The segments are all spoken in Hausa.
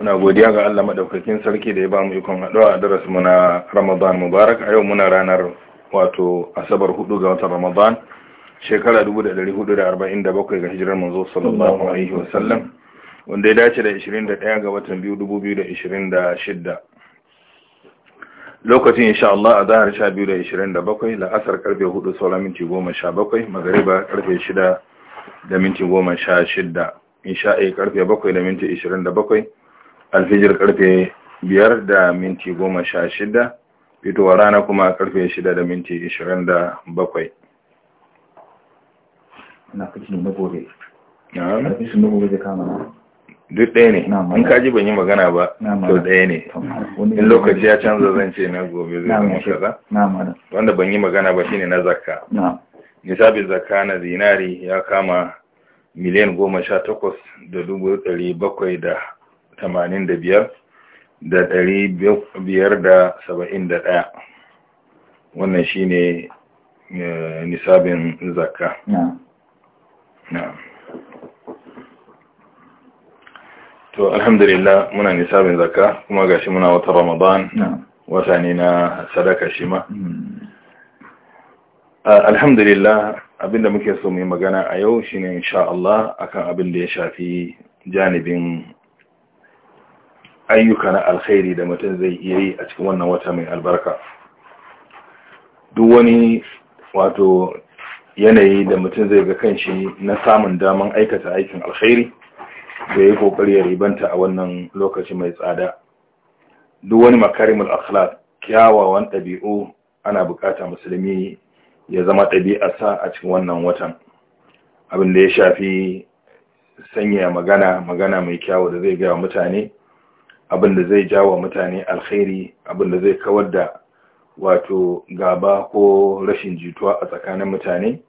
muna godiya ga Allah madaukakin sarki da ya bamu ikon haɗuwa a mu na Ramadan Mubarak a yau muna ranar wato Asabar 4 ga watan Ramadan shekara 1447 ga hijirar manzo sallallahu alaihi sallam wanda ya dace da 21 ga watan da 2026 lokacin insha Allah a zahar biyu da bakwai la'asar karfe 4 sauran minti 17 magariba karfe 6 da minti 16 insha'i karfe 7 da minti 27 alfijir karfe biyar da minti goma sha shida fitowar rana kuma karfe shida da minti ishirin da bakwai na kacin na gobe na kacin na gobe zai kama duk ɗaya ne in ka ji ban yi magana ba to ɗaya ne in lokaci ya canza zan ce na gobe zai zama kaza wanda ban yi magana ba shine na zakka nisabin zakka na zinari ya kama miliyan goma sha takwas da dubu ɗari bakwai da tamanin da biyar da ɗari biyar da saba'in da ɗaya wannan shi ne eh, nisabin zakka to alhamdulillah muna nisabin zakka kuma gashi muna wata ramadan wata ne na sadaka shi ma hmm. alhamdulillah abinda muke so mai magana a yau shi ne insha'Allah akan abin da ya shafi janibin ayyuka na alkhairi da mutum zai iya yi a cikin wannan wata mai albarka duk wani wato yanayi da mutum zai ga kanshi na samun daman aikata aikin alkhairi da ya kokari ya ribanta a wannan lokaci mai tsada duk wani makarimul akhlaq kyawawan ɗabi'u ana bukata musulmi ya zama ɗabi'arsa a cikin wannan watan abin da ya shafi sanya magana magana mai kyawu da zai gaya mutane abin da zai jawo mutane alkhairi abin da zai kawar da wato gaba ko rashin jituwa a tsakanin mutane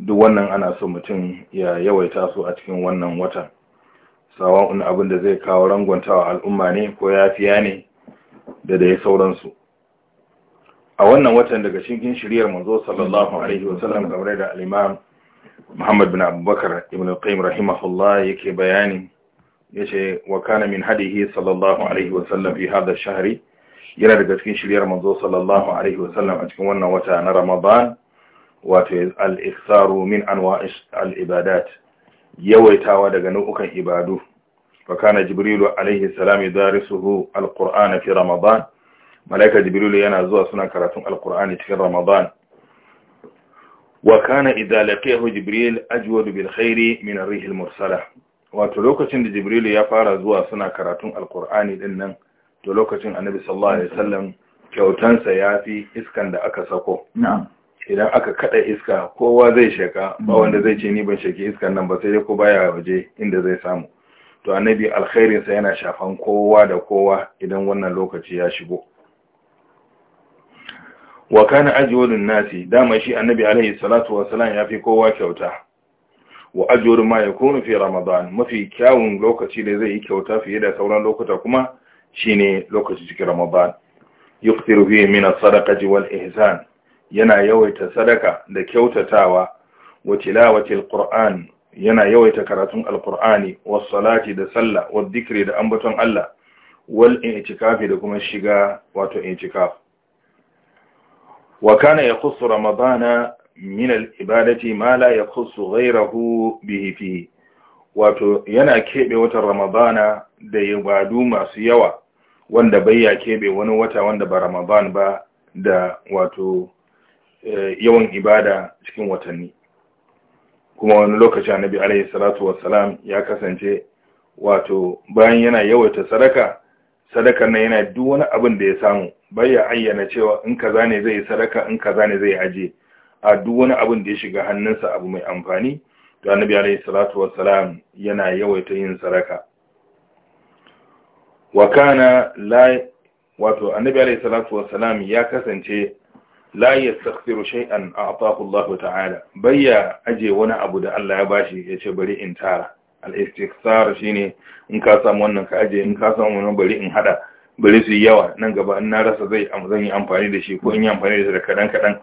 duk wannan ana so mutum ya yawaita su a cikin wannan watan sawa'un abin da zai kawo rangwantawa al'umma ne ko yafiya ne da dai sauransu a wannan watan daga cikin shiriyar manzo sallallahu alaihi wasallam kamar da al-imam Muhammad bin Abubakar ibn al-Qayyim rahimahullah yake bayani yace wa kana min hadihi sallallahu alaihi wa sallam fi hadha shahri yana daga cikin shiryar manzo sallallahu alaihi wa sallam a cikin wannan wata na Ramadan wato al-ikhsaru min anwa'i al-ibadat yawaitawa daga nau'ukan ibadu fa kana jibrilu alaihi salam yudarisuhu al-qur'ana fi Ramadan malaika jibrilu yana zuwa suna karatun al-qur'ani cikin Ramadan wa kana idza laqiyahu jibril ajwadu bil khairi min ar-rih al-mursalah wato lokacin da jibrilu ya fara zuwa suna karatun alkur'ani din nan to lokacin annabi sallallahu alaihi wasallam kyautansa ya fi iskan da aka sako idan aka kada iska kowa zai sheka, ba mm-hmm. wanda zai ce ni ban sheki iskan nan ba sai dai ko baya waje inda zai samu to annabi alkhairinsa yana shafan kowa da kowa idan wannan lokaci ya shigo wa kana ajwalun nasi dama shi annabi alaihi salatu ya fi kowa kyauta wa ajru ma yakunu fi ramadan mafi kyawun lokaci da zai yi kyauta fiye da sauran lokuta kuma shine lokaci cikin ramadan yuktiru fihi min as-sadaqati wal ihsan yana yawaita sadaka da kyautatawa wa tilawati quran yana yawaita karatun al-qur'ani salati da sallah wa dhikri da ambaton Allah wal i'tikafi da kuma shiga wato i'tikaf wa kana yaqsu ramadana min al-ibadati ma la yakhussu ghayrahu bihi fi wato yana keɓe watan ramadana da ibadu masu yawa wanda bayya kebe wani wata wanda ba ramadan ba da wato eh, yawan ibada cikin watanni kuma wani lokaci annabi alaihi salatu wassalam ya kasance wato bayan yana yawaita sadaka sadakar nan yana duk wani abin da ya samu bayya ayyana cewa in kaza ne zai sadaka in kaza ne zai ajiye a duk wani abin da ya shiga hannunsa abu mai amfani to annabi alaihi salatu wassalam yana yawaita yin saraka wa kana la wato annabi alaihi salatu wassalam ya kasance la yastaghfiru shay'an a'tahu Allah ta'ala bayya aje wani abu da Allah ya bashi yace bari in tara al-istighfar shine in ka samu wannan ka aje in ka samu wannan bari in hada bari su yawa nan gaba in na rasa zai zan yi amfani da shi ko in yi amfani da shi da kadan kadan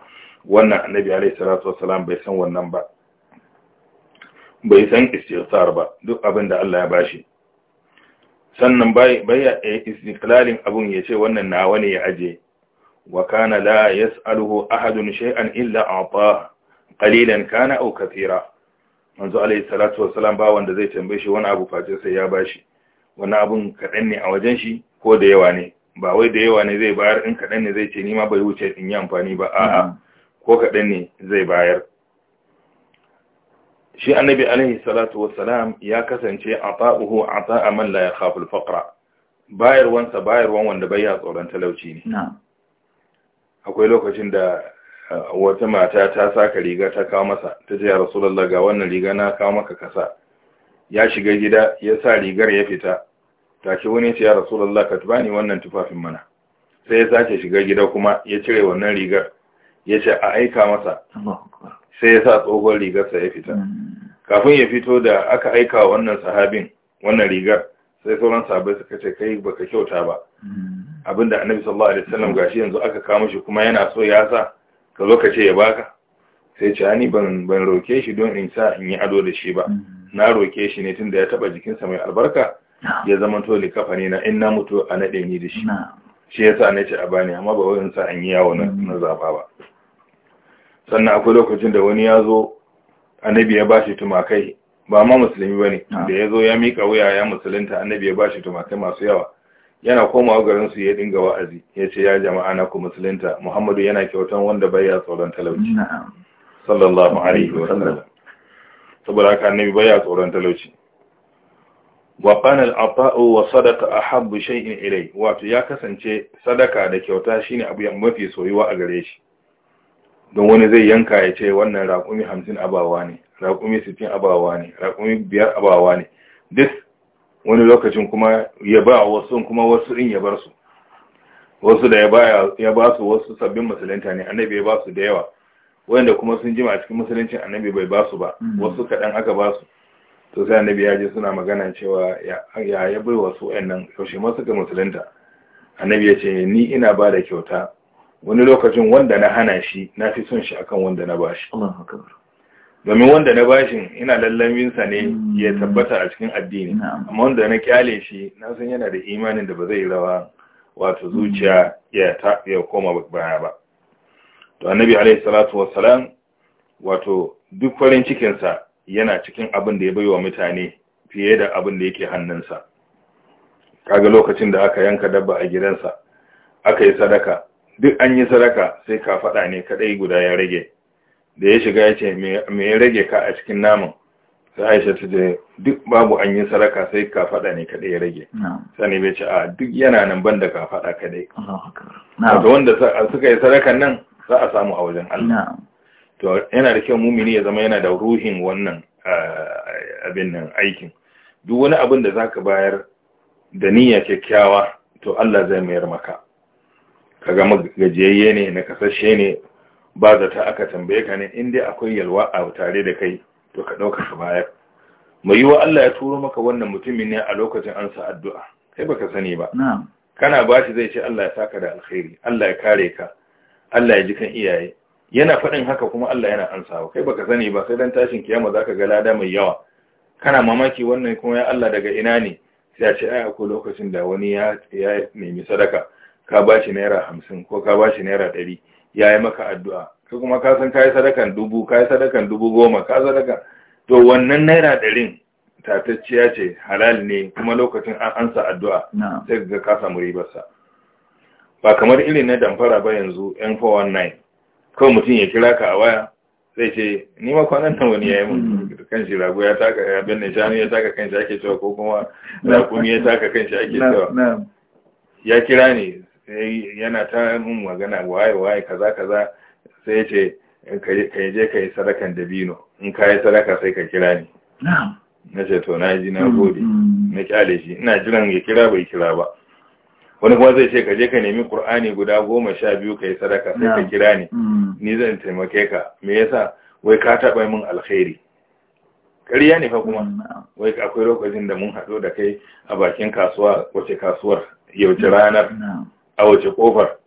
wannan annabi alaihi salatu wassalam bai san wannan ba bai san istighfar ba duk abin da Allah ya bashi sannan bai ya eh, istiqlalin abun ya ce wannan nawa ne ya aje wa kana la yas'aluhu ahadun shay'an illa a'ta qalilan kana aw kathira manzo alayhi salatu wassalam ba wanda zai tambaye shi wani abu face sai ya bashi wani abun kadan ne a wajen shi ko da yawa ne ba wai da yawa ne zai bayar in kadan ne zai ce ni ma bai wuce in yi amfani ba a'a mm-hmm. ko kaɗan ne zai bayar shi annabi alaihi salatu salam ya kasance a ta'uhu a ta'a man la ya khaful faqra bayarwansa bayarwan wanda bai ya tsoron talauci ne akwai lokacin da uh, wata mata ta saka riga ta kawo masa ta ce ya ga wannan riga na kawo maka kasa ya shiga gida ya sa rigar ya fita ce wani ce ya rasulullah ka ni wannan tufafin mana sai ya sake shiga gida kuma ya cire wannan rigar ya ce a aika masa sai ya sa tsohon rigarsa ya fita hmm. kafin ya fito da aka aika wa wannan sahabin wannan rigar sai sauran sabai suka ce kai baka kyauta ba hmm. abinda annabi sallallahu alaihi wasallam gashi yanzu aka kama shi kuma yana so ya sa ka zo ka ce ya baka sai ce ani ban ban roke shi don in sa in yi ado da shi ba hmm. na roke shi ne tunda ya taba jikinsa mai albarka ya zama to kafani na in na mutu a nade ni da shi shi yasa ce a bani amma ba wai in sa an yi yawo na zaba ba sannan akwai lokacin da wani ya zo annabi ya bashi tumakai ba ma musulmi ba ne ah. da ya zo ya miƙa wuya ya musulunta annabi ya bashi tumakai masu yawa yana komawa garinsu ya dinga wa'azi ya ce ya jama'a na ku musulunta muhammadu yana kyautan wanda bai ya tsoron talauci sallallahu alaihi wa sallam saboda haka annabi bai ya tsoron talauci wa kana al-ata'u wa sadaqa ahabbu shay'in ilay wato ya kasance sadaka da kyauta shine abu mafi soyuwa a gare shi don wani zai yanka ya ce wannan raƙumi hamsin abawa ne raƙumi sittin abawa ne raƙumi biyar abawa ne duk wani lokacin kuma ya ba wasu kuma wasu in ya bar su wasu da ya ba su wasu sabbin musulunta ne annabi ya ba su da yawa wanda kuma sun jima a cikin musuluncin annabi bai ba su ba mm. wasu kaɗan aka ba su to sai annabi ya je suna magana cewa ya ya bai wasu wayannan yaushe masu ga musulunta annabi ya ce ni ina ba da kyauta wani lokacin wanda na hana shi na fi son shi akan wanda na bashi domin wanda na bashin ina lallabinsa ne hmm. ya tabbata a cikin addini amma wanda na kyale shi na san yana da imanin da ba zai rawa wato zuciya hmm. ya koma baya ba to annabi alaihi salatu wassalam wato duk farin cikinsa yana cikin abin da ya wa mutane fiye da abin da yake hannunsa kaga lokacin da aka yanka dabba a gidansa aka yi sadaka duk an yi sadaka sai ka faɗa ne kaɗai guda ya rage da ya shiga ya ce me ya rage ka a cikin naman sai aisha ta ce duk babu an yi sadaka sai ka faɗa ne kaɗai ya rage sani bai ce a duk yana nan ban da ka faɗa kaɗai Wanda wanda suka yi sadakan nan za a samu a wajen Allah to yana da kyau mumini ya zama yana da ruhin wannan abin nan aikin duk wani abin da zaka bayar da niyya kyakkyawa to Allah zai mayar maka ka ga gajiyayye ne na kasashe ne ba zata aka tambaye ka ne in dai akwai yalwa a tare da kai to ka ɗauka ka bayar mai yiwa Allah ya turo maka wannan mutumin ne a lokacin an addu'a kai baka sani ba kana ba shi zai ce Allah ya saka da alkhairi Allah ya kare ka Allah ya ji kan iyaye yana faɗin haka kuma Allah yana ansawa kai baka sani ba sai dan tashin kiyama ka ga lada mai yawa kana mamaki wannan kuma ya Allah daga ina ne sai ya ce ai akwai lokacin da wani ya nemi sadaka ka ba shi naira hamsin ko ka ba shi naira ɗari ya yi maka addu'a ka kuma ka san ka yi sadakan dubu ka yi sadakan dubu goma ka sadaka to wannan naira ɗarin tatacciya ce halal ne kuma lokacin an ansa addu'a sai ga ka samu ribarsa ba kamar irin na damfara ba yanzu yan 419 kawai mutum ya kira ka a waya zai ce ni ma kwanan nan wani ya yi mun mm. kan shi rago ya taka ya binne shanu ya taka kan shi ake cewa ko kuma rakumi ya taka kan shi ake cewa ya kira ne yana ta mun magana waye waye kaza kaza sai ya ce ka je ka yi sadakan dabino in ka yi sadaka sai ka kira ni na ce to na ji na mm, gode mm. na kyale shi ina jiran ya kira bai kira ba wani kuma zai ce ka je ka nemi qur'ani guda goma sha biyu ka yi sadaka sai ka kira ni mm. ni zan taimake ka me yasa wai ka taɓa min alheri? ƙarya ne fa kuma wai akwai lokacin da mun haɗu da kai a bakin kasuwa wace kasuwar yau ranar a wace kofar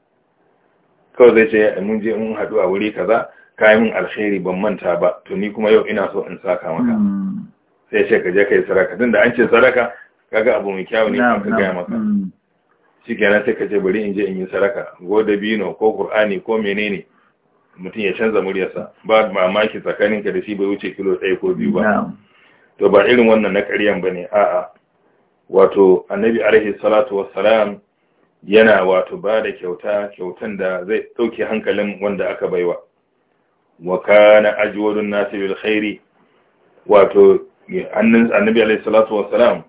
kawai zai ce mun je mun haɗu a wuri kaza kayan mun alkhairi ban manta ba to ni kuma yau ina so in saka maka hmm. sai ce ka je kai sadaka tunda an ce sadaka kaga abu mai kyau ne ka gaya maka hmm. na sai ka ce bari in je in yi sadaka ko dabino ko Kur'ani ko menene mutum ya canza muryarsa ba mamaki tsakaninka da shi bai wuce kilo ɗaya ko biyu ba to ba irin wannan na ƙaryan ne? a'a wato annabi alaihi salatu wassalam yana wato ba da kyauta kyautan da zai ɗauke hankalin wanda aka baiwa wa kana ajwadun nasi bil khairi wato annabi alayhi wassalam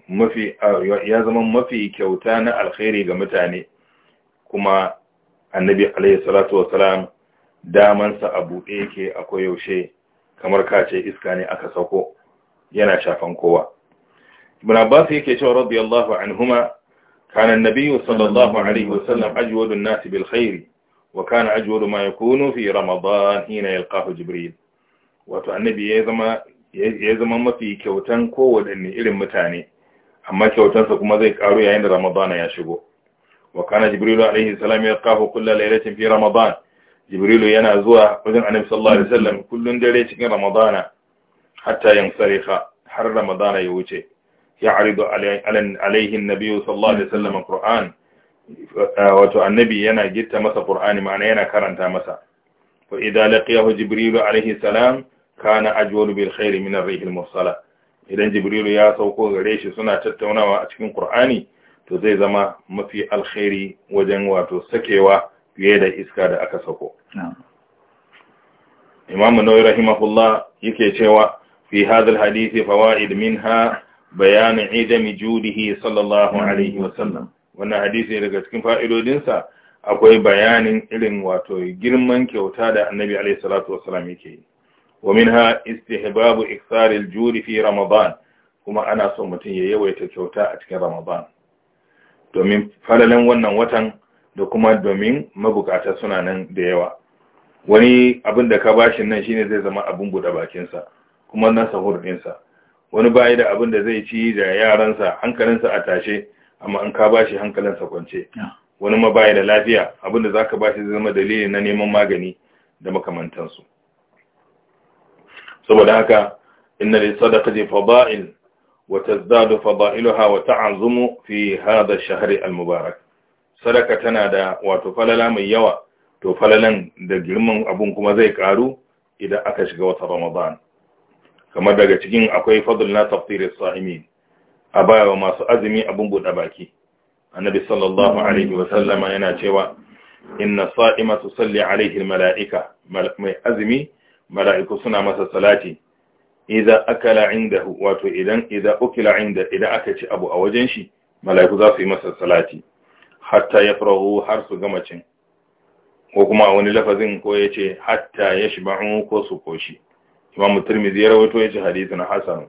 ya zama mafi kyauta na alkhairi ga mutane kuma annabi alayhi wassalam damansa a buɗe yake a yaushe kamar kace iska ne aka sako yana shafan kowa ibn abbas yake cewa radiyallahu anhuma كان النبي صلى الله عليه وسلم أجود الناس بالخير وكان أجود ما يكون في رمضان حين يلقاه جبريل wato annabi ya zama mafi kyautan kowadanne irin mutane amma kyautansa kuma zai karu yayin da ramadana ya shigo wa kana jibrilu alaihi salam ya kahu kulla lailatin fi ramadan jibrilu yana zuwa wajen annabi sallallahu alaihi wasallam kullun dare cikin ramadana hatta yansariha har ramadana ya wuce يعرض عليه النبي صلى الله عليه وسلم القرآن wato annabi yana gitta masa kur'ani ma'ana yana karanta masa fa idza laqiyahu jibril alayhi salam kana ajwalu bil khair min ar-rih al-mursala idan jibrilu ya sauko gare shi suna tattaunawa a cikin kur'ani. to zai zama mafi alkhairi wajen wato sakewa fiye da iska da aka sako imam an-nawawi rahimahullah yake cewa fi hadha al-hadith fawaid minha bayanu idami judihi sallallahu alaihi wasallam wannan hadisi daga cikin fa'idodinsa akwai bayanin irin wato girman kyauta da annabi alaihi salatu wasallam yake yi wa minha istihbabu iksaril judi fi ramadan kuma ana so mutum ya yawaita kyauta a cikin ramadan domin falalan wannan watan da kuma domin mabukata suna nan da yawa wani abin da ka bashi nan shine zai zama abin buɗe bakinsa kuma na sahur ɗinsa wani bayi da abin da zai ci da yaransa hankalinsa a tashe amma in ka bashi hankalinsa kwance wani ma bayi da lafiya abin da za ka ba shi zama dalili na neman magani da makamantansu saboda haka inna li sadaqati fada'il wa tazdadu fada'iluha wa ta'azumu fi hadha ash-shahr al-mubarak sadaka tana da wato falala mai yawa to falalan da girman abun kuma zai karu idan aka shiga wata Ramadan kamar daga cikin akwai fadl na tafsirin sa'imin a baya wa masu azumi abin buɗe baki annabi sallallahu alaihi wa sallama yana cewa inna sa'ima salli alaihi mala'ika mai azumi mala'iku suna masa salati idza akala indahu wato idan idza ukila inda idan aka ci abu a wajen shi mala'iku za su yi masa salati hatta yafrahu har su gama cin ko kuma wani lafazin ko yace hatta yashba'u ko su koshi imam tirmidhi ya rawaito yace hadithun hasan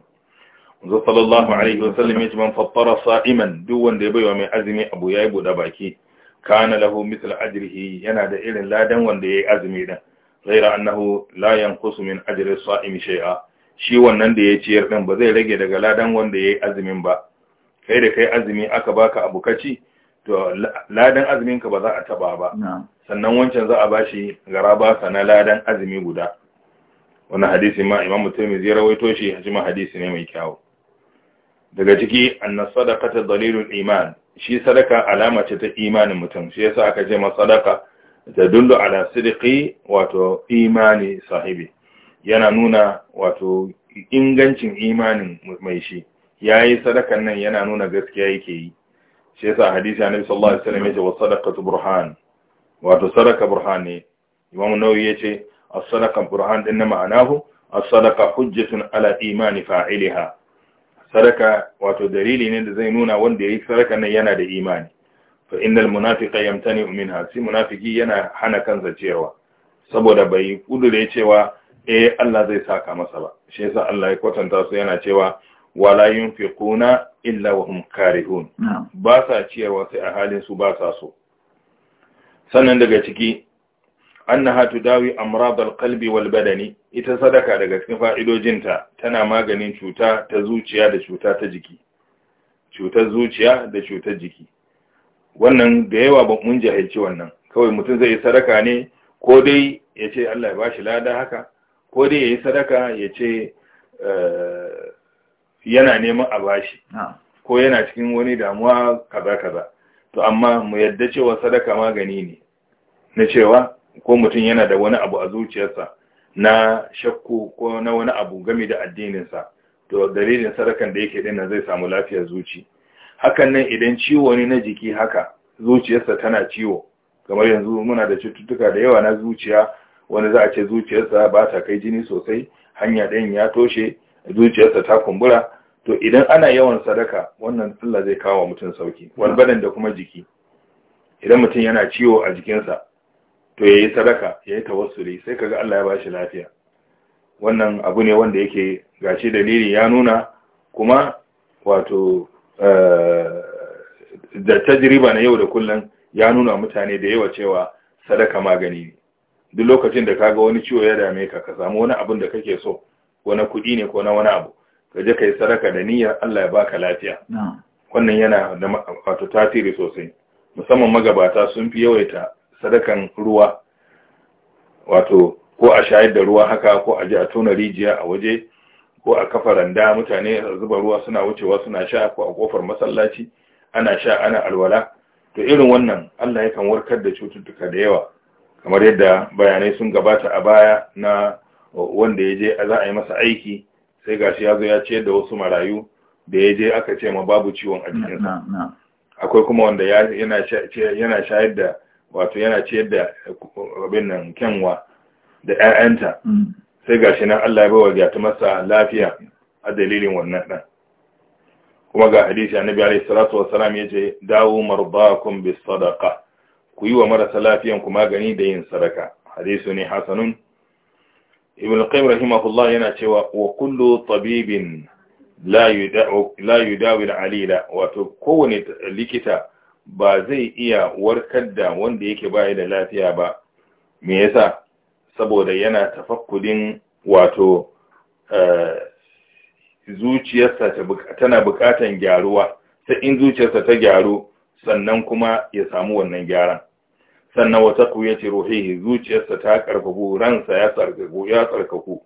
manzo sallallahu alaihi wa sallam yace man fattara sa'iman duk wanda ya baiwa mai azumi abu yayi buda baki kana lahu mithl ajrihi yana da irin ladan wanda yayi azumi din ghaira annahu la yanqusu min ajri sa'im shay'a shi wannan da ya 'yar din ba zai rage daga ladan wanda yayi azumin ba kai da kai azumi aka baka abu kaci to ladan azumin ka ba za a taba ba sannan wancan za a bashi garaba sana ladan azumi guda wani hadisi ma imam tirmidhi rawaito shi shi ma hadisi ne mai kyau daga ciki anna sadakata dalilul iman shi sadaka alama ce ta imanin mutum shi yasa aka ce ma sadaka tadullu ala sidqi wato imani sahibi yana nuna wato ingancin imanin mai shi yayi sadakan nan yana nuna gaskiya yake yi shi yasa hadisi annabi sallallahu alaihi wasallam yace wa sadaqatu burhan wato sadaka burhan ne imam ya ce. الصدقه برهان دين din ma'anahu as-sadaqa hujjatun ala imani fa'iliha sadaka wato dalili ne da zai nuna wanda yi sadaka yana da imani fa innal munafiqa yamtani'u minha si munafiki yana hana kansa cewa saboda bai kudure cewa eh Allah zai saka masa ba shi yasa Allah ya kwatanta su yana cewa wala yunfiquna illa wa hum karihun ba sa cewa sai a halin su ba sa so sannan daga ciki annaha tudawi amrad alqalbi wal badani ita sadaka daga cikin fa'idojinta tana maganin cuta ta zuciya da cuta ta jiki cutar zuciya da cutar jiki wannan da yawa ba mun jahilci wannan kawai mutum zai yi sadaka ne ko dai ya ce Allah ya bashi lada haka ko dai ya yi sadaka ya ce eh, yana neman a bashi ko yana cikin wani damuwa kaza kaza to amma mu yadda cewa sadaka magani ne na cewa ko mutum yana da wani abu a zuciyarsa na shakku ko na wani abu game da addininsa to dalilin sadakan da yake dinnan zai samu lafiyar zuci hakan nan idan ciwo ne na jiki haka zuciyarsa tana ciwo kamar yanzu muna da cututtuka da yawa na zuciya wani za a ce zuciyarsa ba ta kai jini sosai hanya ɗayan ya toshe zuciyarsa ta kumbura to idan ana yawan sadaka wannan Allah zai kawo mutum sauki walbadan da kuma jiki idan mutum yana ciwo a jikinsa to ya yi sadaka ya yayi tawassuli sai kaga Allah ya bashi lafiya wannan abu ne wanda yake gashi dalili ya nuna kuma wato eh, da tajriba na yau da kullun ya nuna mutane da yawa cewa sadaka magani ne duk lokacin da kaga wani ciwo ya dame ka ka samu wani abin da kake so ko na kuɗi ne ko na wani abu ka je kai sadaka da niyyar Allah ya baka lafiya wannan yana da wato tasiri sosai musamman magabata sun fi yawaita sadakan ruwa wato ko a shayar da ruwa haka ko a ji a tona rijiya a waje ko a kafa randa mutane zuba ruwa suna wucewa suna sha ko a kofar masallaci ana sha ana alwala to irin wannan Allah yakan warkar da cututtuka da yawa kamar yadda bayanai sun gabata a baya na wanda ya je za a yi masa aiki sai gashi ya zo ya ce da wasu marayu da ya je aka ce ma babu ciwon a jikinsa akwai kuma wanda yana shayar da wato yana ciyar da abin nan kyanwa da ƴaƴanta sai gashi nan Allah ya bawa gata masa lafiya a dalilin wannan ɗan kuma ga hadisi annabi alaihi salatu wassalam yace dawo marbakum bis sadaqa ku yi wa marasa lafiyan ku magani da yin sadaka hadisu ne hasanun ibn qayyim rahimahullah yana cewa wa kullu tabibin la yudawi la yudawi alila wato kowane likita ba zai iya warkar da wanda yake baya da lafiya ba me yasa saboda yana tafakkudin wato eh, zuciyarsa tana bukatan gyaruwa sai in zuciyarsa ta gyaru sannan kuma ya samu wannan gyaran sannan wata kuyace ruhihi zuciyarsa ta karfafu ransa ya tsarkaku ya tsarkaku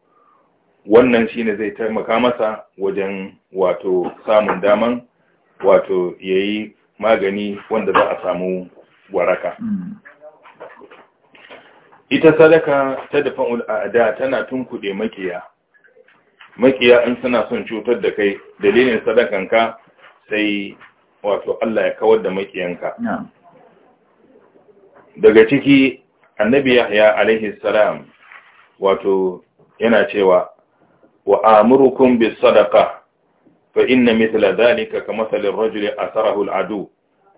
wannan shine zai taimaka masa wajen wato samun daman wato yayi magani wanda za a samu waraka hmm. ita sadaka ta dafa al'ada tana tunkuɗe makiya makiya in suna son cutar da kai dalilin sadakanka sai wato Allah ya kawar da makiyanka daga ciki annabi yahya alaihi salam wato yana cewa wa amurukun bis sadaka fa inna mithla dhalika ka masalin rajuli asarahu al'adu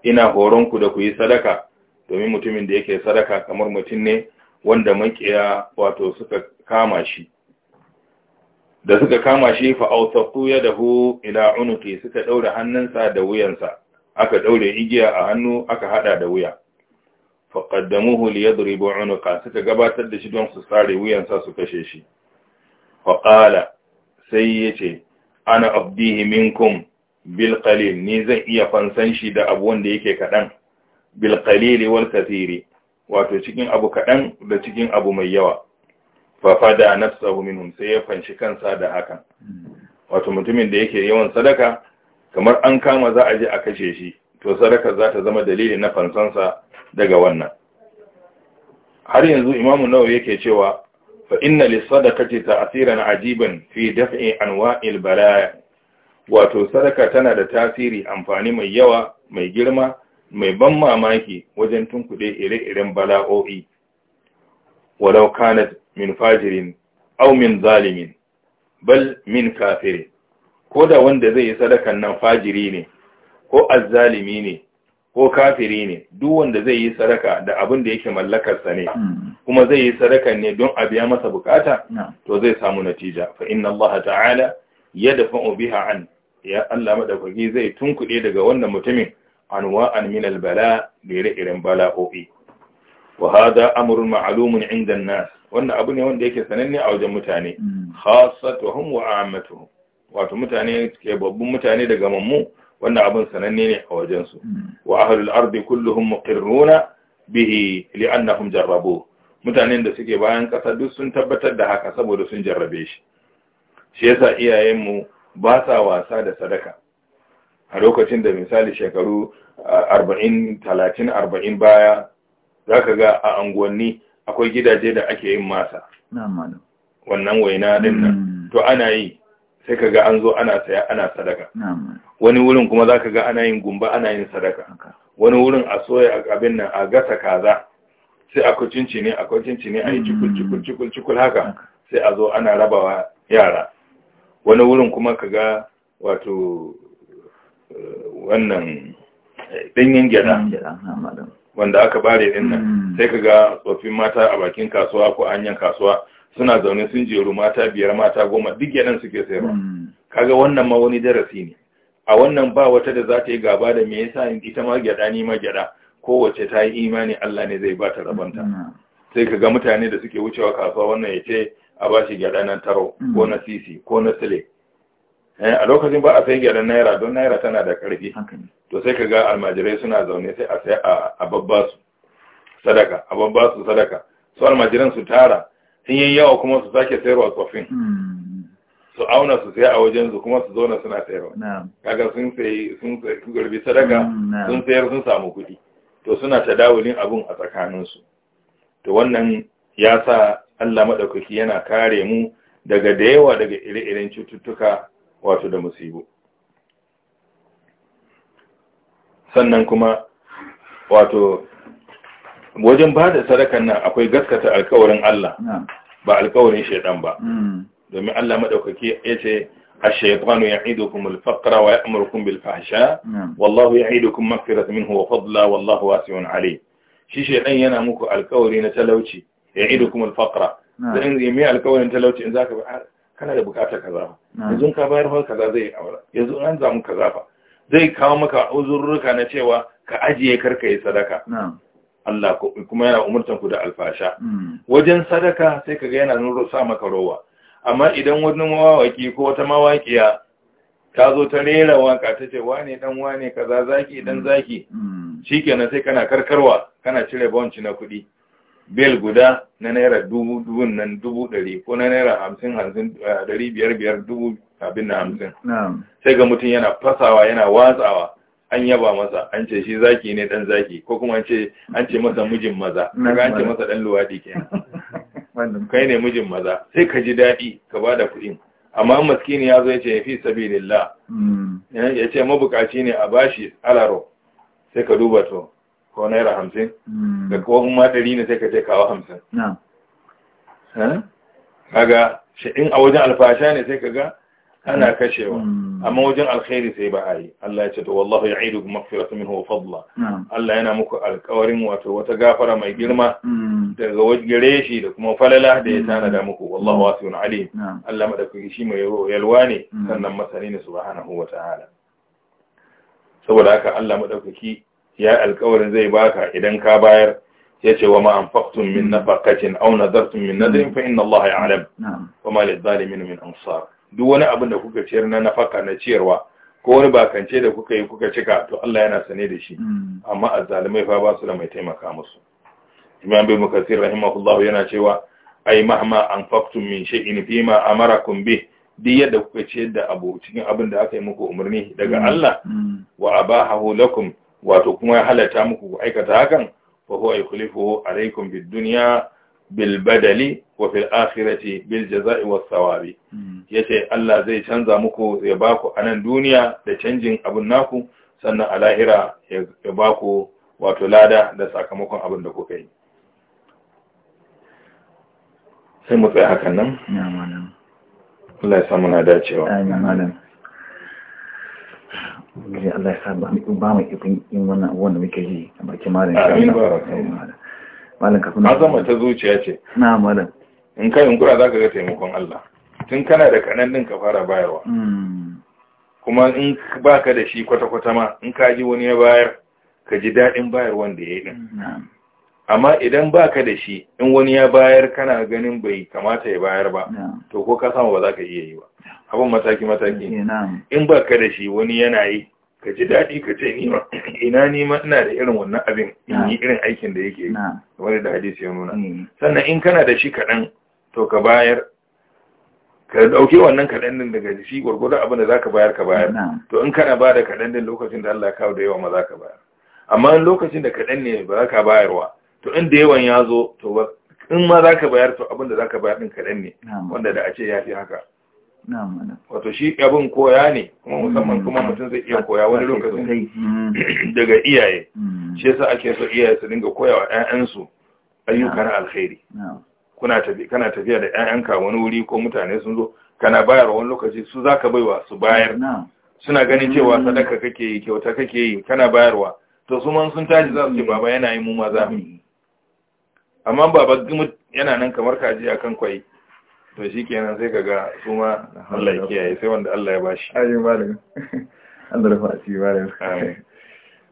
ina horonku da ku yi sadaka domin mutumin da yake sadaka kamar mutum ne wanda makiya wato suka kama shi da suka kama shi fa ya dahu ila unuki suka daure hannunsa da wuyansa aka ɗaure igiya a hannu aka haɗa da wuya fa qaddamuhu liyadribu unuka suka gabatar da shi don su sare wuyansa su kashe shi Faƙala, sai sai yace ana abdihi minkum bil qalil ni zan iya fansan shi da abu wanda yake kadan bil qalil wal kathiri wato cikin abu kadan da cikin abu mai yawa fa fada nafsuhu minhum sai ya fanshi kansa da hakan wato mutumin da yake yawan sadaka kamar an kama za a je a kashe shi to sadaka za ta zama dalili na fansansa daga wannan har yanzu imamu nawawi yake cewa فإن للصدقة تأثيرا عجيبا في دفع أنواع bala'i wato sadaka tana da tasiri amfani mai yawa mai girma mai ban mamaki wajen tunkuɗe ire-iren bala'o'i walau kanat min fajirin au min zalimin bal min kafirin ko da wanda zai yi sadakan nan fajiri ne ko azzalimi ne ko kafiri ne duk wanda zai yi sadaka da abin da yake mallakarsa ne hmm. kuma zai yi sadaka ne don a biya masa bukata hmm. to zai samu natija fa inna Allah ta'ala yadfa'u biha an ya Allah madaukaki zai tunkuɗe daga wannan mutumin anwa'an min albala da ire-iren bala'o'i wa hada amrun ma'lumun 'inda an-nas wannan abu ne wanda yake sananne a wajen mutane hmm. khassatuhum wa 'ammatuhum wato mutane ke babban mutane daga mammu wannan abin sananne ne a wajen su. Hmm. wa ahlul ardi kulluhum muqirruna bihi li'annahum jarrabu mutanen da suke bayan kasa duk sun tabbatar da haka saboda sun jarrabe shi shi yasa iyayenmu ba sa wasa da sadaka a lokacin da misali shekaru 40 30 40 baya zaka ga a anguwanni akwai gidaje da ake yin masa wannan waina din nan hmm. to ana yi sai ka ga an zo ana saya ana sadaka wani wurin kuma za ka ga ana yin gumba ana yin sadaka wani wurin a soya abin nan a gasa kaza sai a kucinci ne a kucinci ne a yi mm. cikul cikul cikul cikul haka sai a zo ana rabawa yara wani wurin kuma ka ga wato eh, wannan eh, ɗanyen gyada wanda aka bare ɗin nan mm. sai ka ga tsoffin mata a bakin kasuwa ko anyan kasuwa suna zaune sun jeru mata biyar mata goma duk yanan suke sayarwa hmm. kaga wannan ma wani darasi ne a wannan ba wata da za ta yi gaba da me yasa in ita ma gyada ni ma gyada kowace ta yi imani Allah ne zai ba ta rabanta hmm. sai kaga mutane da suke wucewa kasuwa wannan ya ce a ba shi gyada nan taro hmm. ko na sisi ko na sile eh, a lokacin ba a sai gyada naira don naira tana da karfi to sai kaga almajirai suna zaune sai a sai a babba su sadaka a babba su sadaka su almajiran su tara Sun yi yawa kuma su sake sayarwa tsofin hmm. su auna su sai a wajen su kuma su zauna suna sayarwa kaga sun sai sun garbi sadaka hmm, sun sayar sun samu kuɗi to suna tadawulin abun a tsakaninsu to wannan ya sa Allah maɗaukaki yana kare mu daga da yawa daga ire-iren cututtuka wato da musibu sannan kuma wato wajen ba da sadakan nan akwai gaskata alkawarin Allah ba alkawarin shaidan ba hmm. domin Allah madaukaki ya ce الشيطان يعيدكم الفقر ويأمركم بالفحشاء والله يعيدكم مغفرة منه وفضلا والله واسع عليم shi shaidan yana muku alkawari na talauci ya idu kuma alfaqra dan in mai alkawarin talauci in zaka ba ah, kana da bukatar kaza yanzu ka bayar har kaza zai aura yanzu an zamu kaza fa zai kawo maka uzurruka na cewa ka ajiye karka yi sadaka Allah kuma yana umurtan ku da alfasha hmm. wajen sadaka sai kaga yana nuna sa maka rowa amma idan wani mawaki ko wata mawakiya ta zo ta rera waka ta ce wane dan wane kaza zaki dan hmm. zaki hmm. shikenan sai kana karkarwa kana cire bonci na kuɗi Bil guda na naira dubu dubun nan dubu ɗari ko na naira hamsin hamsin eh, ɗari biyar biyar dubu abin na hamsin sai ga mutum yana fasawa yana watsawa an yaba masa an ce shi zaki ne dan zaki ko kuma an ce an ce masa mijin maza kaga an ce masa dan luwadi kenan kai ne mijin maza sai ka ji dadi ka bada kuɗin amma maskini ya zo ya ce fi sabilillah hmm. ya ce mabukaci ne a bashi alaro sai ka duba to ko naira hamsin hmm. da ko kuma ɗari ne sai ka ce kawo hamsin eh? kaga in a wajen alfasha ne sai ka ga ana hmm. kashewa amma wajen alkhairi sai ba a yi Allah ya ce to wallahu ya'idu maghfiratan minhu wa fadla Allah yana muku alƙawarin wato wata gafara mai girma mm. daga gare shi da kuma falala da ya mm. tanada muku wallahu wasi'un alim Allah madaukaki shi mai yalwa ne mm. sannan masani ne subhanahu saboda haka Allah madaukaki ya alƙawarin zai baka idan ka bayar yace wa ma anfaqtum min nafaqatin aw nadartum min nadrin fa inna Allah ya'lam wa ma lidh-dhalimin min ansar duk wani abin da kuka ciyar na nafaka na ciyarwa ko wani bakance da kuka yi kuka cika to Allah yana sane da shi mm. amma azzalumai fa ba su da mai taimaka musu imam bin mukassir rahimahullah yana cewa ai mahma anfaqtum min shay'in fima amarakum bih duk yadda kuka ciyar da abu cikin abin da aka yi muku umarni daga mm. Allah mm. wa abahahu lakum wato kuma ya halatta muku ku aikata hakan fa huwa yukhlifuhu alaykum bid dunya bil badali wa fil akhirati bil jaza'i was sawabi hmm. yace Allah zai canza muku ya baku a nan duniya da canjin abun naku sannan a lahira ya baku wato lada da sakamakon abin da kuka yi sai mu tsaya hakan nan Allah ya samu na dacewa Allah ya sa ba mu ibin yin wannan abubuwan da muke yi a bakin malam shi ba. malam ta zuciya ce na in ka yunkura zaka ga taimakon Allah tun kana da kanannin ka fara bayarwa hmm. kuma in baka da shi kwata-kwata ma in ka ji wani ya bayar ka ji daɗin bayar wanda ya yi din amma idan baka da shi in wani ya bayar kana ganin bai kamata ya bayar ba to ko ka samu ba za ka iya yi ba abin mataki-mataki eh, in baka da shi wani yana yi ka ji daɗi ka ce ni ina ni ma ina da irin wannan abin in yi irin aikin da yake wani da hadisi ya nuna mm. sannan in kana da shi kaɗan to ka bayar ka ɗauke wannan kaɗan din daga shi gwargwadon abin da za ka bayar ka bayar to in kana ba da kaɗan din lokacin da Allah ya kawo da yawa ma za ka bayar amma lokacin da kaɗan ne ba za ka bayarwa to in da yawan ya zo to in ma za ka bayar to abin da za ka bayar din kaɗan ne wanda da a ce ya fi haka wato shi abin koya ne kuma mm. musamman kuma mutum zai iya koya wani lokacin mm. daga iyaye mm. shi yasa ake so iyaye su dinga koya wa 'ya'yansu ayyukan alkhairi kuna tafi kana tafiya da 'ya'yanka wani wuri ko mutane sun zo kana bayar wani lokaci su zaka baiwa su bayar suna ganin cewa sadaka kake yi kyauta kake yi kana bayarwa to su man sun tashi za su ce baba yana yi mu maza amma baba gimut yana nan kamar kaji akan kwai to shi kenan sai kaga su ma Allah ya kiyaye sai wanda Allah ya bashi ayi malam Allah rafa asiri malam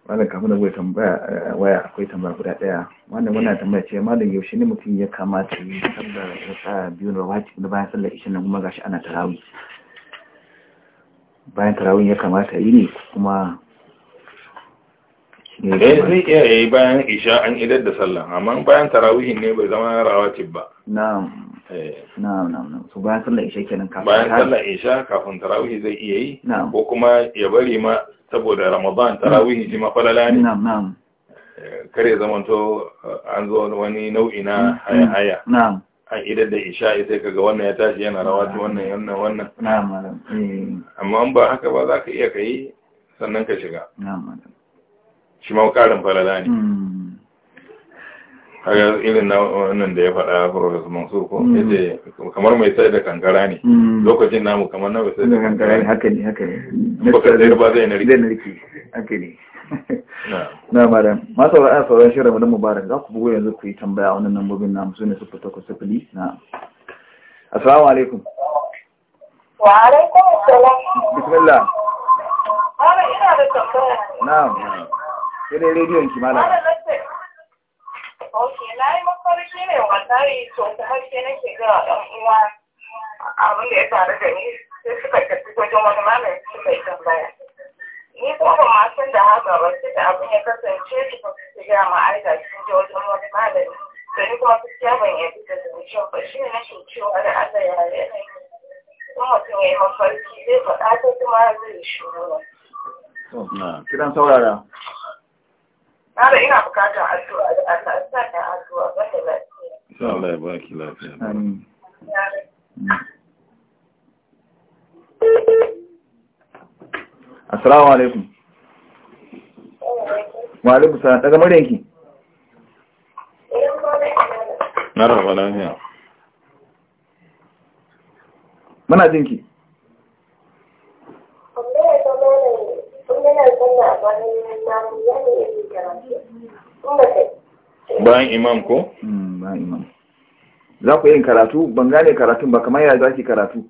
malam kafin da bai tambaya eh, waya akwai tambaya guda daya wannan muna tambaya ce malam yaushe ne mutum ya kamata yi sabda ya tsaya biyu na wati da bayan sallar isha nan kuma gashi ana tarawi bayan tarawi ya kamata yi ne kuma eh zai iya yayi bayan isha an idar da sallah amma bayan tarawihin ne bai zama rawatib ba na'am Eh. bayan sallar isha kafin bayan zai iya yi ko kuma ya bari ma saboda ramadan tarawih shi ma falala ne na'am na'am eh, kare zamanto eh, an zo wani nau'i na haya haya an idar da isha sai kaga wannan ya tashi yana rawa ta wannan wannan wannan amma in ba haka ba za ka iya ka yi sannan ka shiga shi ma ƙarin falala ne mm. kaga irin na wannan da ya faɗa Prof. Mansur ko hmm. yace kamar mai sai da kankara ne hmm. lokacin namu kamar na mai sai da kankara ne haka ne haka ne baka sai ba zai narki zai narki haka ne na madam masu a sauran shirin mu mubarak za ku bugo yanzu ku yi tambaya wannan nambobin namu sune 0800 na assalamu alaikum wa alaikum assalam bismillah ana ina da tambaya na'am sai dai rediyon ki malam ok na yi mafarki ne wallahi to kuma nake ga ɗan abin da ya faru da ni sai suka wajen wani suka yi ni kuma ba da haka da abin ya kasance su ba su ga wajen wani ni kuma ban yi da zuciyar ba shi ne nake cewa da Allah yi mafarki zai faɗa kuma zai yi Mala ina bukatar addu'a da Allah ya sa ta addu'a ba ta lafiya. Insha Allah ya ba ki lafiya. Amin. Assalamu alaikum. Wa alaikum salam daga muryanki. na lafiya. Muna jinki. bayan imam ko? Hmm, bayan imam za ku yin karatu ban gane karatun ba kamar za ki karatu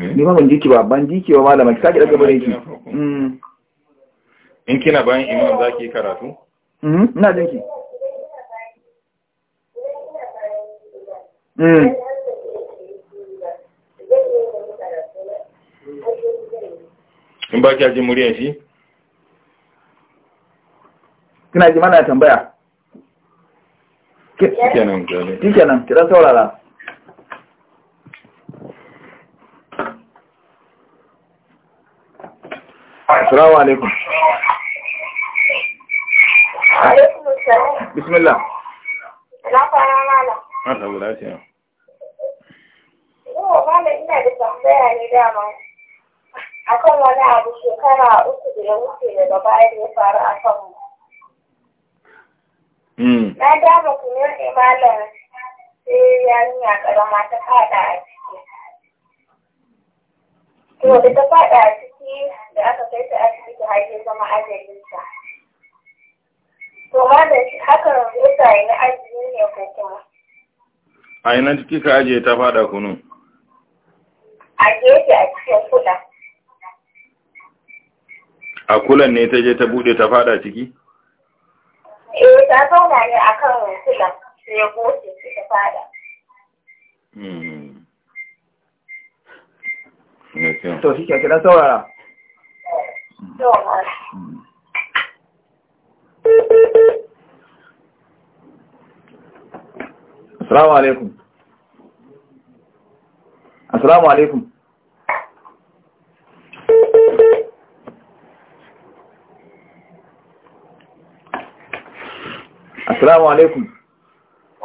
eh? ni ma ban jiki ba ban jiki ba malama ki sake daga bane ki in kina bayan imam za ki karatu? Hmm, ina jinki in mm. ba kya ji murya shi? kina ji mana tambaya kenan kenan kiran saurara assalamu alaikum bismillah na fara mana Kuma ba da ina da tambaya ne dama akan wani abu shekara uku ya wuce daga baya faru a kanmu. Hmm. Na dama kuma ne malam ya yarinya karama ta fada a ciki. To da ta fada a ciki da aka kai ta asibiti har ya zama ajalinta. To malam hakan zai sa ni ajiye ne ko kuma. A ina kika ajiye ta fada kunun? a gefe a cikin kula. a kulan ne ta je ta bude ta fada ciki eh ta zauna ne akan kulan sai ya goce ta fada hmm. to shi ke kira saurara eh, Assalamu alaikum. assalamu alaikum assalamu alaikum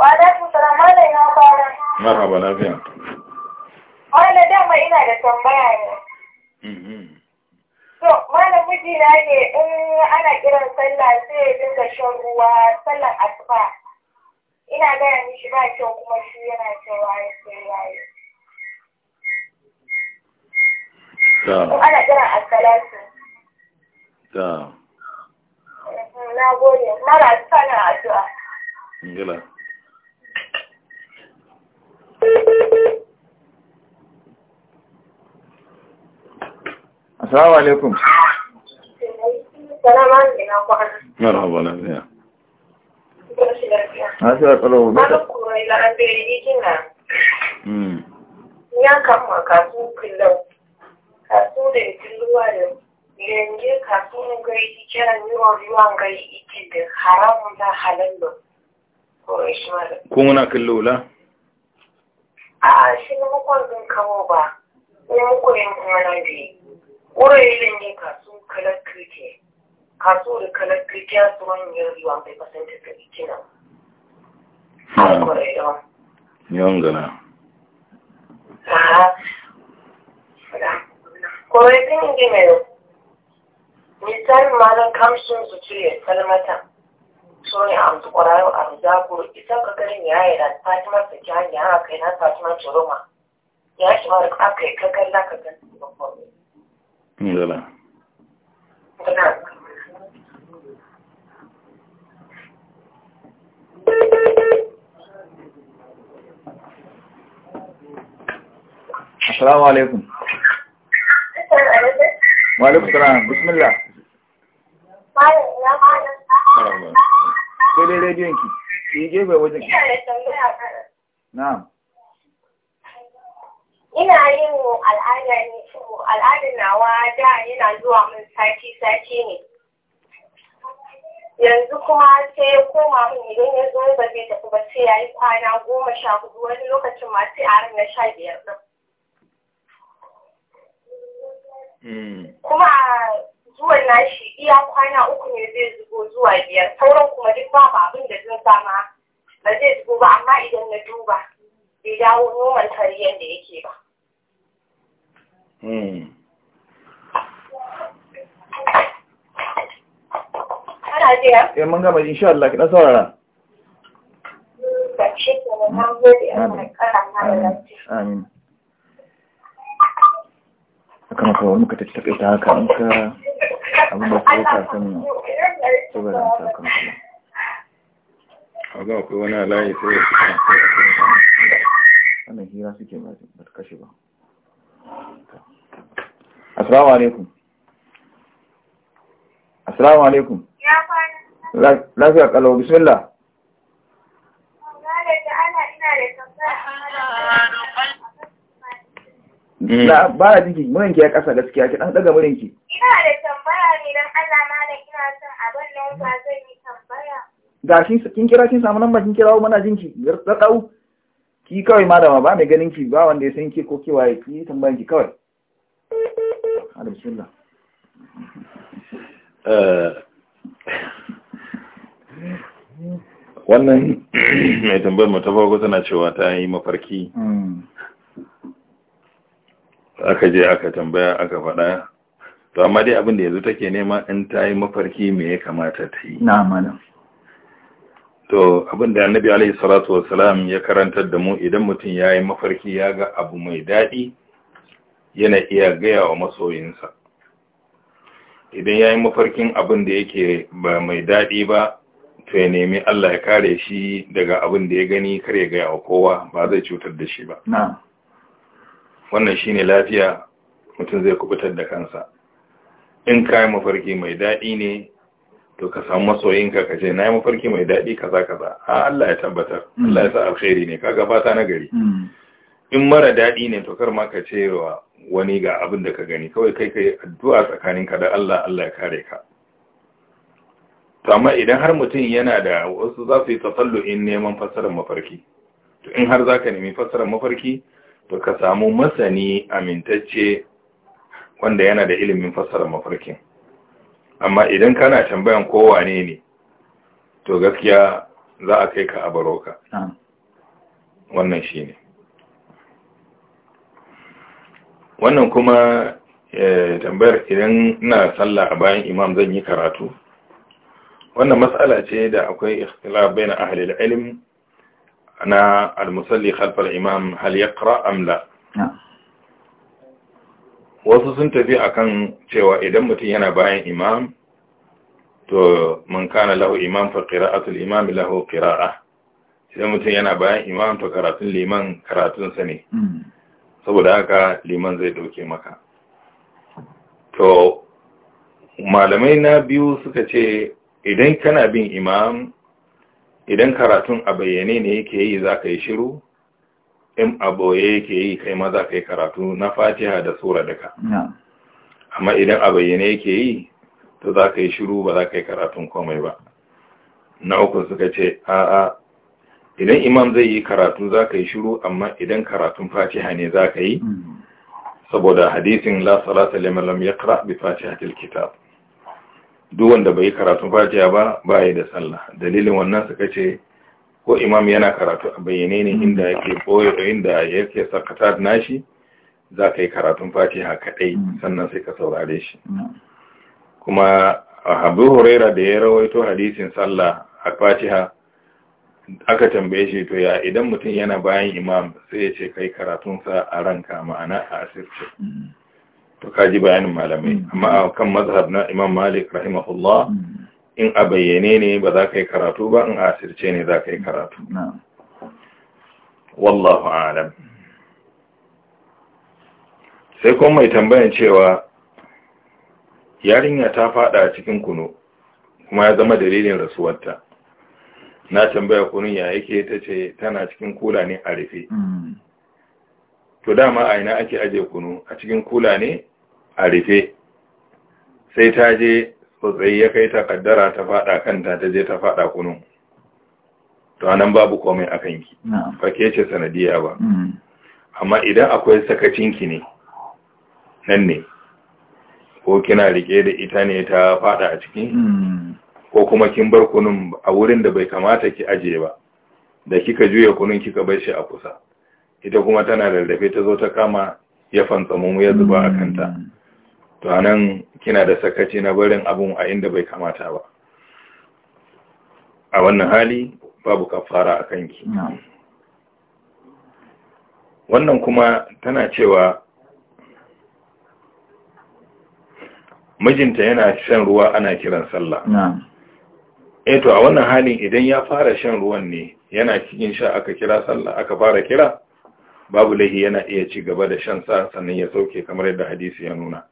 wa alaikum salam malai na fara marhaba lafiya wanda dama ina da tambaya ne so mm-hmm. malam miji na ne in ana kiran sallah sai ya dinga shan ruwa sallan asuba ina gaya mishi ba kyau kuma shi yana cewa sai yi. ana kiran asalatu mm, na gode mara sana addu'a ingila Assalamu alaikum. Salamu alaikum. Marhaba lafiya. Na shi a tsaro ba. Ana kuma ya an bere yi kina. Ya kama kasu kullum. da kasure tilluware yenge kasunu gai ikera nyiro riwan iti ikide haramun da halallo ko ishmar kuna kallo la a shi na mukon din kawo ba ko muku yin kuma na bi ure ilin ne kasu kalar kirke kasu da kalar kirke su wani yin riwan bai fasanta da ikina hmm. Yawan gana. Koretin gimel. Misal mana kamshin zuciya salmata. So ne a ƙwararru a zagur isan ka garin ya yi da Fatima ta ki hanya haka kai na Fatima Ya shi ma da aka yi kakar za ka gan su ba kome. Assalamu alaikum. Wa alaikum salam. Bismillah. Sai dai rediyon ki. Ki gefe wajen. Na'am. Ina yin al'ada ne, al'adar nawa da yana zuwa min sati-sati ne. yanzu kuma sai ya koma min idan ya zo ba zai tafi ba sai ya yi kwana goma sha hudu wani lokacin masu sai na sha biyar ɗin. kuma zuwan nashi iya kwana uku ne zai zubo zuwa biyar sauran kuma duk babu abin da zan sama ba zai zubo ba amma idan na duba bai dawo noman tariyan da yake ba hmm. Ana jiya? Eh mun gama insha Allah ki dan saurara. Amin. Amin. kan kawo muka ka ta haka an ka abin da kawo yi kasan saboda an kan kuma a ga akwai wani alayi ta yi suka wannan hira suke ba ta kashe ba asalamu alaikum asalamu alaikum lafiya kalau bismillah Na mm. ba jiki murin ki ya kasa gaskiya ki dan daga murin Ina da tambaya ne dan Allah da ina son abin nan ba zan yi tambaya. Gashi kin kira kin samu namba kin kirawo mana jinki garɗaɗau. Ki kawai malama ba mai ganin ki ba wanda ya san ki ko ki waye ki tambayan ki kawai. Alhamdulillah. Eh. Wannan mai tambayar mu ta farko tana cewa ta yi mafarki. Mm. aka je aka tambaya aka faɗa to amma dai abin da yanzu take nema in ta yi mafarki me ya kamata ta yi to abin da annabi alaihi salatu wassalam ya karantar da mu idan mutum ya yi mafarki ya ga abu mai daɗi yana iya gaya wa masoyinsa idan ya yi mafarkin abin da yake ba mai daɗi ba to ya nemi Allah ya kare shi daga abin da ya gani kar ya gaya wa kowa ba zai cutar da shi ba wannan shine lafiya mutum zai kubutar da kansa in ka yi mafarki mai daɗi ne to ka samu masoyinka ka ce na yi mafarki mai daɗi kaza kaza a Allah ya tabbatar mm. Allah ya sa alkhairi ne kaga fata na gari mm. in mara daɗi ne to kar ma ka ce wa wani ga abin da ka gani kawai kai kai addu'a tsakaninka da Allah Allah ya kare ka to amma idan har mutum yana da wasu za su yi in neman fassarar mafarki to in har zaka nemi fassarar mafarki to ka samu masani amintacce wanda yana da ilimin fassara mafarkin amma idan kana tambayan wane ne to gaskiya za a kai ka a baroka wannan shi ne wannan kuma eh, tambayar idan na sallah a bayan imam zan yi karatu wannan matsala ce da akwai ikhtilaf bayan ahlul ilm Ana al-musalli khalf al-imam hal yaqra wasu sun tafi akan cewa idan mutum yana bayan imam to man kana lahu imam fa qira'atul imam lahu qira'a idan mutum yana bayan imam to karatun liman karatun sa ne saboda haka liman zai dauke maka to malamai na biyu suka ce idan kana bin imam idan karatun a bayyane ne yake yi za ka yi shiru in aboye yake yi kai ma za ka yi karatu na fatiha da sura duka amma idan a bayyane yake yi to za ka yi shiru ba za ka yi karatun komai ba na uku suka ce a'a idan imam zai yi karatu za ka yi shiru amma idan karatun fatiha ne za ka yi mm. saboda hadisin la salata liman lam yaqra bi fatihatil kitab duk wanda bai karatu fatiha ba baya da sallah dalilin wannan suka ce ko imam yana karatu a bayyane ne inda mm. yake da inda yake sakata nashi za ka yi karatun fatiha kadai mm. sannan sai ka saurare shi mm. kuma abu huraira da ya rawaito hadisin sallah a fatiha aka tambaye shi to ya idan mutum yana bayan imam sai ya ce kai karatunsa a ranka ma'ana a asirce to ji bayanin malamai mm. amma a kan mazhab na imam malik rahimahullah mm. in a bayyane ne ba za ka yi karatu ba in a asirce ne za ka yi karatu wallahu alam sai kuma mai tambayan cewa yarinya ta fada cikin kuno kuma ya zama dalilin rasuwarta na tambaya kunun ya yake ta ce tana cikin kula ne a rufe mm. to dama a ina ake ajiye kunu a cikin kula ne a rufe sai ta je tsotsayi ya kai ta kaddara ta fada kanta ta je ta fada kunun to anan babu komai a kanki ba ke ce sanadiya ba mm. amma idan akwai sakacinki ne nan ne ko kina rike da ita ne ta fada a ciki mm. ko kuma kin bar kunun a wurin da bai kamata ki aje ba da kika juya kunun kika bar shi a kusa ita kuma tana rarrafe ta zo ta kama ya mu ya zuba a kanta mm. to anan kina da sakaci na barin abun a inda bai kamata ba a wannan hali babu kafara a kanki wannan kuma tana cewa mijinta yana shan ruwa ana kiran sallah eh to a wannan halin idan ya fara shan ruwan ne yana cikin sha aka kira sallah aka fara kira babu lahi yana iya ci gaba da shan sa sannan ya sauke kamar yadda hadisi ya nuna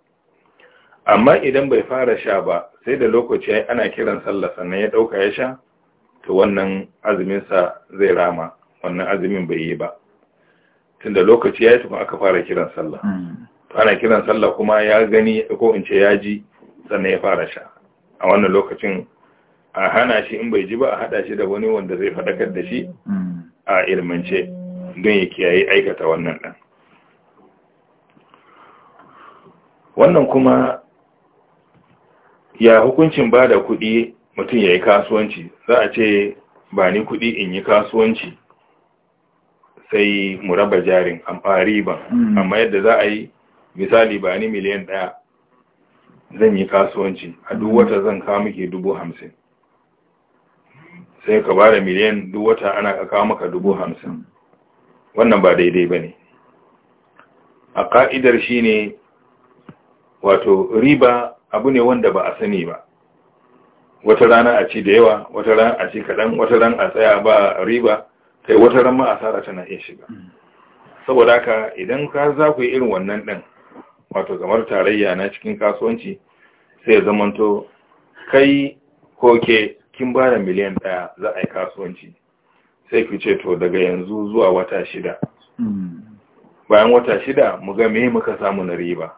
amma idan bai fara sha ba sai da lokaci ya ana kiran sallah sannan ya ɗauka ya sha to wannan azuminsa zai rama wannan azumin bai yi ba tunda lokaci ya yi tukun aka fara kiran sallah hmm. ana kiran sallah kuma ya gani ko in ce ya ji sannan ya fara sha a wannan lokacin a hana shi in bai ji ba a haɗa shi da wani wanda zai faɗakar da shi hmm. a ilmance don ya kiyaye aikata wannan ɗan wannan kuma ya hukuncin ba da kuɗi mutum ya yi kasuwanci za a ce ba ni kuɗi in yi kasuwanci sai mu raba jarin amfari ba. Hmm. amma yadda za a yi misali ba ni miliyan ɗaya zan yi kasuwanci a duk hmm. wata zan kawo miki dubu hamsin sai ka ba da miliyan duk wata ana kawo maka dubu hamsin wannan ba daidai ba ne a ka'idar shi ne wato riba abu ne wanda ba a sani ba wata rana a ci da yawa wata rana a ci kaɗan wata rana a tsaya ba riba kai wata rana ma asara tana iya shiga mm. saboda haka idan ka za ku yi irin wannan ɗin wato kamar tarayya na cikin kasuwanci sai ya zamanto kai ko ke kin ba da miliyan ɗaya za a yi kasuwanci sai ku ce to daga yanzu zuwa wata shida mm. bayan wata shida mu ga me muka samu na riba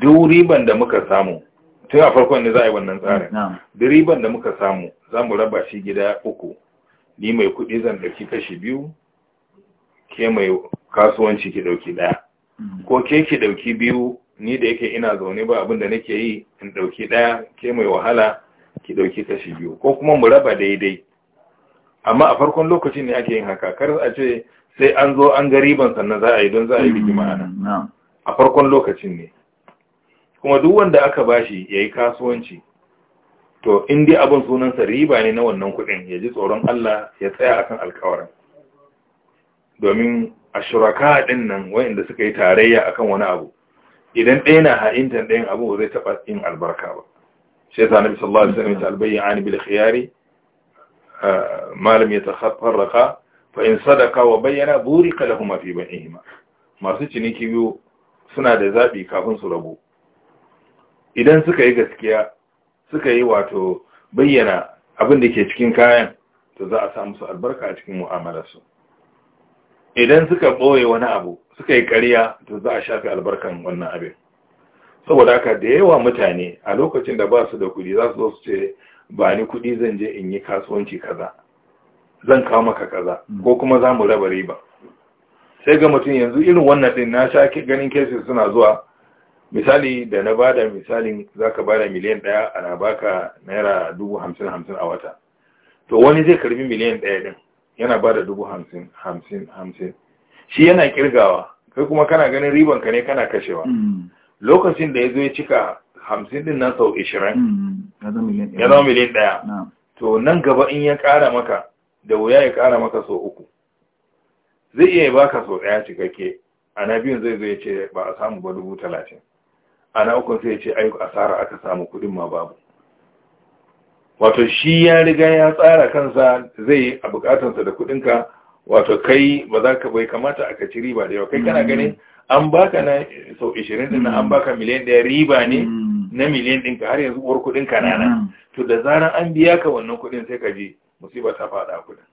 duk riban da muka samu tun a farkon ne za a yi wannan tsarin duk riban da muka samu za mu raba shi gida uku ni mai kuɗi zan ɗauki kashi biyu ke mai kasuwanci ki ɗauki ɗaya mm. ko ke ki ɗauki biyu ni da yake ina zaune ba abin da nake yi in ɗauki ɗaya ke mai wahala ki ɗauki kashi biyu ko kuma mu raba daidai amma a farkon lokacin ne ake yin haka kar a ce sai an zo an ga riban sannan za a yi don za a yi rigima a mm, farkon lokacin ne kuma duk wanda aka bashi yi kasuwanci to in dai abin sunansa riba ne na wannan kuɗin ya ji tsoron Allah ya tsaya akan alƙawarin. domin a shuraka ɗin nan wa'inda suka yi tarayya akan wani abu idan ɗaya na ha'intan ɗayan abu zai taɓa yin albarka ba shi yasa nabi sallallahu alaihi wasallam ya albayya ani bil khiyari malam ya tafarraqa fa in sadaka wa bayyana burika lahum fi bainihima masu ciniki biyu suna da zaɓi kafin su rabu idan suka yi gaskiya suka yi wato bayyana abin da ke cikin kayan to za a samu su albarka a cikin mu'amalarsu idan suka ɓoye wani abu suka yi ƙarya to za a shafi albarkan wannan abin saboda haka da yawa mutane a lokacin da ba su da kuɗi za su zo su ce ba ni kuɗi zan je in yi kasuwanci kaza zan kawo maka kaza hmm. ko kuma za mu raba riba sai ga mutum yanzu irin wannan din na sha ganin kesi suna zuwa misali da na bada misalin zaka bada miliyan ɗaya ana baka naira dubu hamsin hamsin a wata to wani zai karbi miliyan ɗaya din yana bada dubu hamsin hamsin hamsin shi yana kirgawa kai kuma kana ganin riban ka ne kana kashewa mm-hmm. lokacin da ya zo ya cika hamsin din nan sau ishirin mm-hmm. ya zama miliyan ɗaya to nan gaba in ya ƙara maka da wuya ya ƙara maka sau uku zai iya baka sau ɗaya cikakke a na biyun zai zo ya ce ba a samu ba dubu talatin ana uku sai ya ce ai asara aka samu kudin ma babu wato shi ya riga ya tsara kansa zai yi a bukatansa da kudinka wato kai ba za ka bai kamata aka ci riba da yawa kai kana mm. ganin an baka na sau 20 din an mm. baka miliyan ɗaya riba ne mm. na miliyan ɗinka har yanzu uwar kuɗin ka nana to da zaran an biya ka wannan kuɗin sai ka je musiba ta faɗa kudin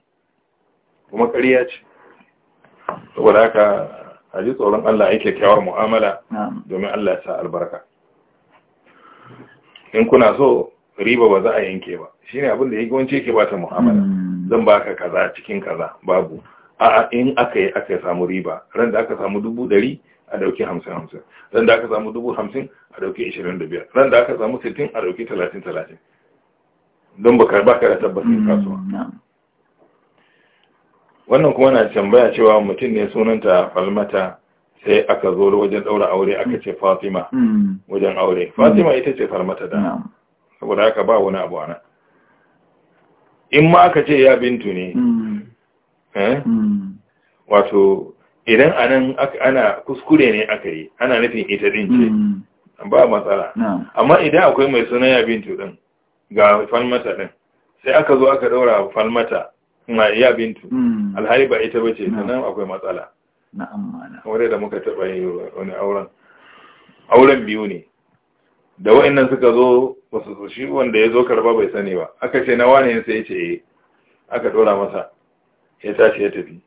kuma ƙarya ce saboda haka a ji tsoron Allah ya kyakkyawar mu'amala domin Allah ya sa albarka in kuna so riba ba za a yanke ba Shi ne abin da gwanci yake bata mu'amala hmm. zan baka kaza cikin kaza babu a in aka yi aka samu riba ran da aka samu dubu dari, a dauki hamsin hamsin ran da aka samu dubu hamsin a dauki ashirin da biyar ran da aka samu sittin a dauki talatin talatin don ba ka da tabbacin hmm, kasuwa wannan kuma na tambaya cewa mutum ne sunanta falmata sai aka zo wajen daura aure aka ce fatima hmm. wajen aure hmm. fatima ita ce falmata da saboda haka ba wani abu ana in ma aka ce ya bintu ne hmm. Eh? wato idan anan ana kuskure ne aka yi ana nufin ita din ce ba matsala amma idan akwai mai suna ya bintu din ga falmata din sai aka zo aka daura falmata ya bintu hmm. alhari ba ita bace nan akwai matsala wadda da muka taba yi wani auren auren biyu ne da wayannan suka zo wasu shi wanda ya zo karba bai sani ba aka ce na wane sai ya ce eh aka dora masa ya tashi ya tafi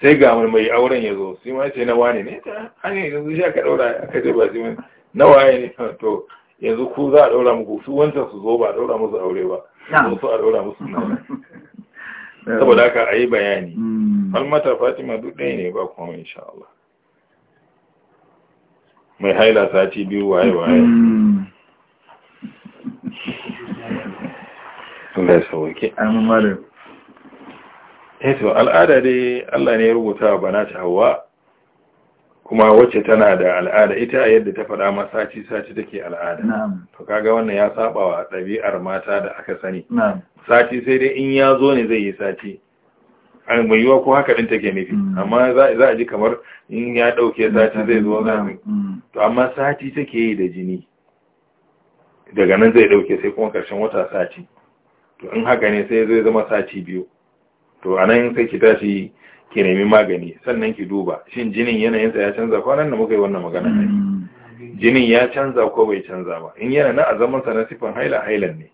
sai ga mai auren ya zo sai ma ce na wane ne ta hanyar yanzu shi aka ɗora aka ce ba sai na waye ne to yanzu ku za a ɗora muku su wancan su zo ba a ɗora musu aure ba su a daura musu na saboda haka ayi bayani hmm. Almata fatima duk ɗaya ne ba kuma insha Allah mai haila sati biyu waye waye hmm. Allah amma malam eh al'ada dai Allah ne ya rubuta wa banata hawa kuma wacce tana da al'ada ita yadda ta faɗa ma sati sati take al'ada to kaga wannan ya saba wa ɗabi'ar mata da aka sani sati sai dai in ya zo ne zai yi sati an mai ko haka ɗin take nufi mm. amma za a ji kamar in ya ɗauke mm. sati zai zo zafi mm. to amma sati take yi da jini daga nan zai ɗauke sai kuma ƙarshen wata sati to in haka ne sai zai zama sati biyu to a nan sai ki tashi ki nemi magani sannan ki duba shin jinin yanayinsa ya canza kwanan da muka yi wannan magana ne hmm. jinin ya canza ko bai canza ba in yana na sa na sifan haila hailan ne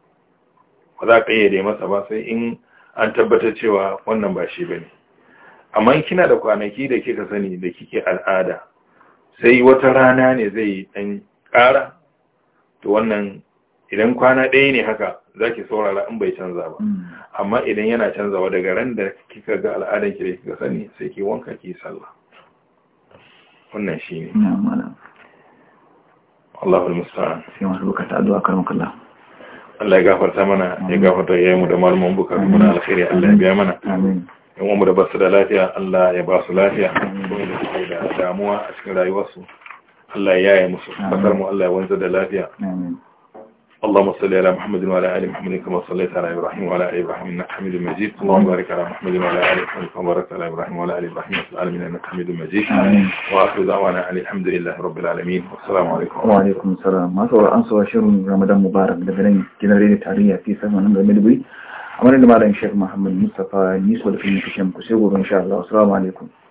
ba za ka iya masa ba sai in an tabbatar cewa wannan ba shi bane amma kina da kwanaki da kika sani da kike al'ada sai wata rana ne zai dan ƙara to wannan idan kwana ɗaya ne haka zaki saurara in bai canza ba hmm. amma idan yana canzawa daga ran da kika ga al'adar ki da kika sani sai ki wanka ki sallah wannan shine Allahu musta'an sai mu rubuta addu'a karin kallah Allah ya gafarta mana ya gafarta mu da malumin buka mun alkhairi Allah ya biya mana amin yan da basu da lafiya Allah ya basu lafiya da da damuwa a cikin rayuwarsu Allah ya yaye musu kasar mu Allah ya wanzu da lafiya اللهم صل على محمد وعلى ال محمد كما صليت على ابراهيم وعلى ال ابراهيم انك حميد مجيد اللهم بارك على محمد وعلى ال محمد كما باركت على ابراهيم وعلى ال ابراهيم في العالمين انك حميد مجيد واخر دعوانا ان الحمد لله رب العالمين والسلام عليكم وعليكم السلام ما شاء an sawa shirin Ramadan Mubarak daga nan gidan rediyo tarayya fi sama nan da Maiduguri a madadin Malam Sheikh Muhammad Mustafa Niso da kuma kishin ku sai gobe insha Allah assalamu alaikum